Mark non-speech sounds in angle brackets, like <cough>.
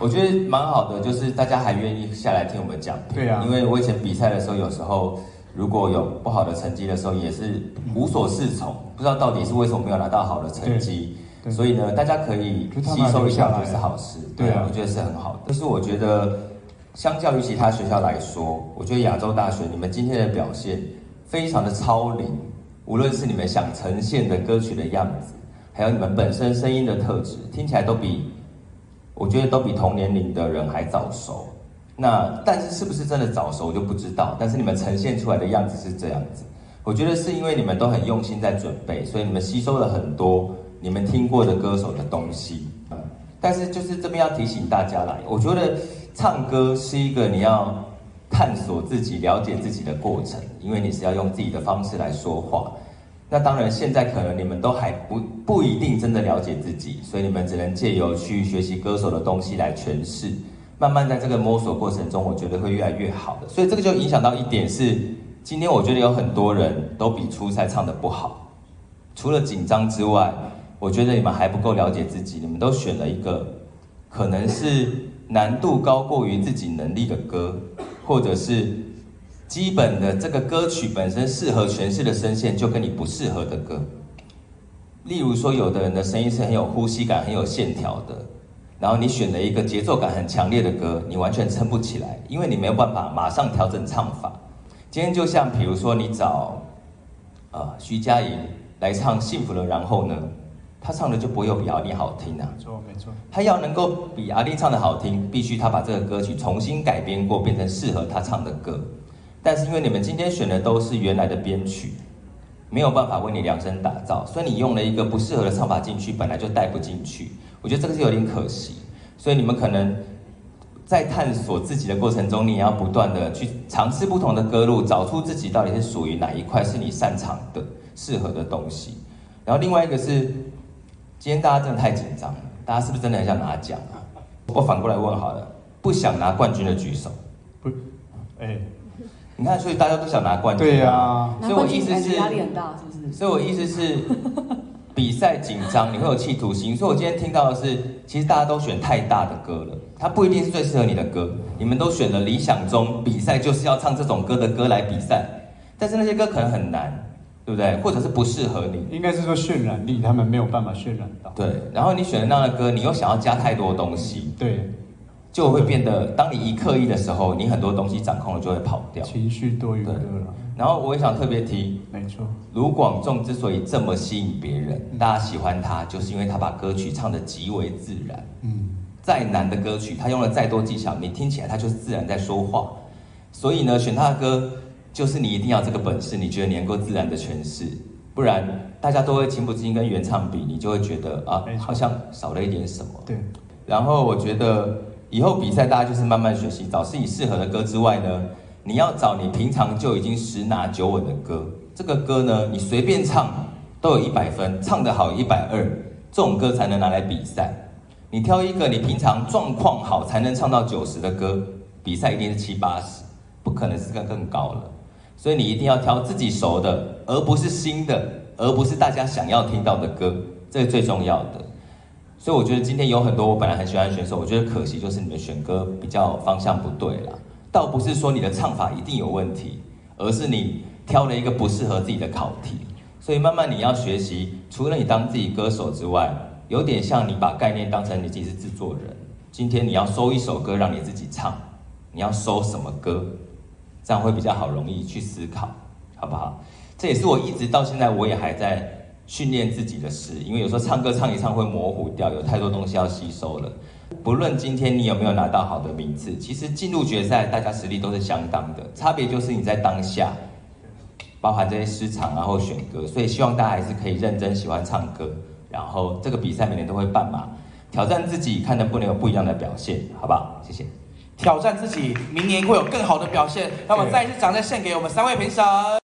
我覺得蠻好的，就是大家還願意下來聽我們講。對啊，因為我以前比賽的時候，有時候如果有不好的成績的時候，也是無所適從，嗯、不知道到底是為什麼沒有拿到好的成績。對，所以呢，大家可以吸收一下，就是好事。對啊，對對我覺得是很好的。啊、但是我覺得，相較於其他學校來說，我覺得亞洲大學你們今天的表現非常的超齡。無論是你們想呈現的歌曲的樣子，還有你們本身聲音的特質，聽起來都比。我覺得都比同年齡的人還早熟，那但是是不是真的早熟我就不知道。但是你們呈現出來的樣子是這樣子，我覺得是因為你們都很用心在準備，所以你們吸收了很多你們聽過的歌手的東西。但是就是這邊要提醒大家啦，我覺得唱歌是一個你要探索自己、了解自己的過程，因為你是要用自己的方式來說話。那當然，現在可能你們都還不不一定真的了解自己，所以你們只能借由去學習歌手的東西來詮釋。慢慢在這個摸索過程中，我覺得會越來越好的。所以這個就影響到一點是，今天我覺得有很多人都比初賽唱得不好，除了緊張之外，我覺得你們還不夠了解自己，你們都選了一個可能是難度高過於自己能力的歌，或者是。基本的，這個歌曲本身適合詮釋的聲線，就跟你不適合的歌。例如說，有的人的聲音是很有呼吸感、很有線條的，然後你選了一個節奏感很強烈的歌，你完全撐不起來，因為你沒有辦法馬上調整唱法。今天就像，比如說你找啊、呃、徐佳瑩來唱《幸福了然後呢》，她唱的就不會有比 A-Lin 好聽啊。沒錯，沒錯。她要能夠比 A-Lin 唱的好聽，必須她把這個歌曲重新改編過，變成適合她唱的歌。但是因為你們今天選的都是原來的編曲，沒有辦法為你量身打造，所以你用了一個不適合的唱法進去，本來就帶不進去。我覺得這個是有點可惜。所以你們可能在探索自己的過程中，你也要不斷的去嘗試不同的歌路，找出自己到底是屬於哪一塊是你擅長的、適合的東西。然後另外一個是，今天大家真的太緊張了，大家是不是真的很想拿獎啊？我反過來問好了，不想拿冠軍的舉手。不。哎，欸、你看，所以大家都想拿冠軍，對呀、啊。所以我意思是壓力很大，是不是？所以我意思是 <laughs> 比賽緊張，你會有企圖心。所以我今天聽到的是，其實大家都選太大的歌了，它不一定是最適合你的歌。你們都選了理想中比賽就是要唱這種歌的歌來比賽，但是那些歌可能很難，對不對？或者是不適合你？應該是說渲染力，他們沒有辦法渲染到。對，然後你選了那樣的歌，你又想要加太多東西。對。就會變得，當你一刻意的時候，你很多東西掌控了就會跑掉。情緒多餘的對，然後我也想特別提，沒錯。盧廣仲之所以這麼吸引別人，嗯、大家喜歡他，就是因為他把歌曲唱得極為自然。嗯。再難的歌曲，他用了再多技巧，嗯、你聽起來他就是自然在說話。所以呢，選他的歌，就是你一定要這個本事，你覺得你能夠自然的詮釋，不然大家都會情不自禁跟原唱比，你就會覺得啊，沒錯。好像少了一點什麼。對。然後我覺得。以後比賽，大家就是慢慢學習。找自己適合的歌之外呢，你要找你平常就已經十拿九穩的歌。這個歌呢，你隨便唱都有一百分，唱得好一百二，這種歌才能拿來比賽。你挑一個你平常狀況好才能唱到九十的歌，比賽一定是七八十，不可能是更更高了。所以你一定要挑自己熟的，而不是新的，而不是大家想要聽到的歌，這是最重要的。所以我覺得今天有很多我本來很喜歡的選手，我覺得可惜就是你的選歌比較方向不對啦，倒不是說你的唱法一定有問題，而是你挑了一個不適合自己的考題。所以慢慢你要學習，除了你當自己歌手之外，有點像你把概念當成你自己是制作人。今天你要搜一首歌讓你自己唱，你要搜什麼歌，這樣會比較好，容易去思考，好不好？這也是我一直到現在，我也還在。訓練自己的事，因為有時候唱歌唱一唱會模糊掉，有太多東西要吸收了。不論今天你有沒有拿到好的名次，其實進入決賽大家實力都是相當的，差別就是你在當下，包含這些失常，然後選歌。所以希望大家還是可以認真喜歡唱歌，然後這個比賽每年都會辦嘛，挑戰自己，看能不能有不一樣的表現，好不好？謝謝。挑戰自己，明年會有更好的表現。那麼對再一次掌聲獻給我們三位評審。